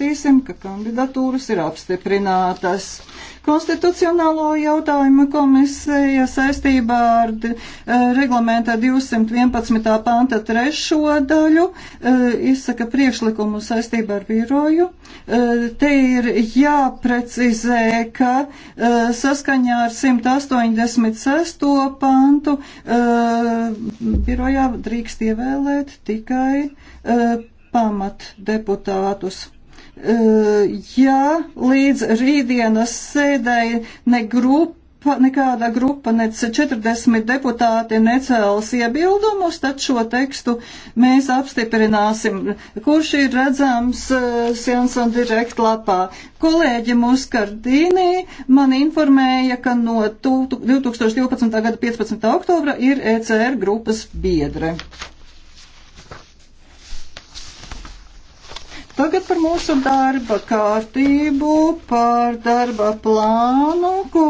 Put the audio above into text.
uzskatīsim, ka kandidatūras ir apstiprinātas. Konstitucionālo jautājumu komisija saistībā ar eh, reglamenta 211. panta trešo daļu eh, izsaka priekšlikumu saistībā ar biroju. Eh, te ir jāprecizē, ka saskaņā ar 186. pantu birojā drīkst ievēlēt tikai pamatdeputātus ja līdz rītdienas sēdēji ne grupa, nekāda grupa, ne 40 deputāti necēls iebildumus, tad šo tekstu mēs apstiprināsim, kurš ir redzams eh, Sienson direkt lapā. Kolēģi Muskardīnī man informēja, ka no 2012. gada 15. oktobra ir ECR grupas biedre. Tagad par mūsu darba kārtību, par darba plānu,